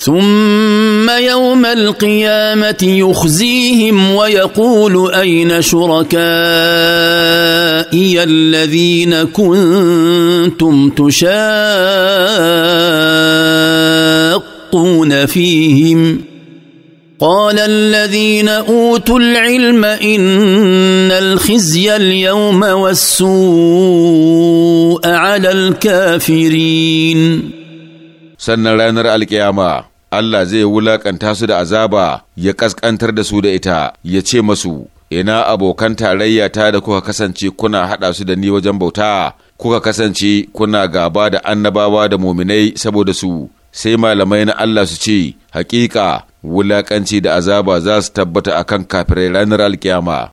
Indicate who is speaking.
Speaker 1: ثم يوم القيامه يخزيهم ويقول اين شركائي الذين كنتم تشاقون فيهم قال الذين اوتوا العلم ان الخزي اليوم والسوء على الكافرين
Speaker 2: سنة ranar alkiyama Allah zai wulaƙanta su da azaba ya ƙasƙantar da su da ita ya ce masu ina abokan tarayya ta da kuka kasance kuna haɗa su da ni wajen bauta kuka kasance kuna gaba da annabawa da muminai saboda su sai malamai na Allah su ce hakika wulaƙanci da azaba za su tabbata akan kafirai ranar
Speaker 3: alkiyama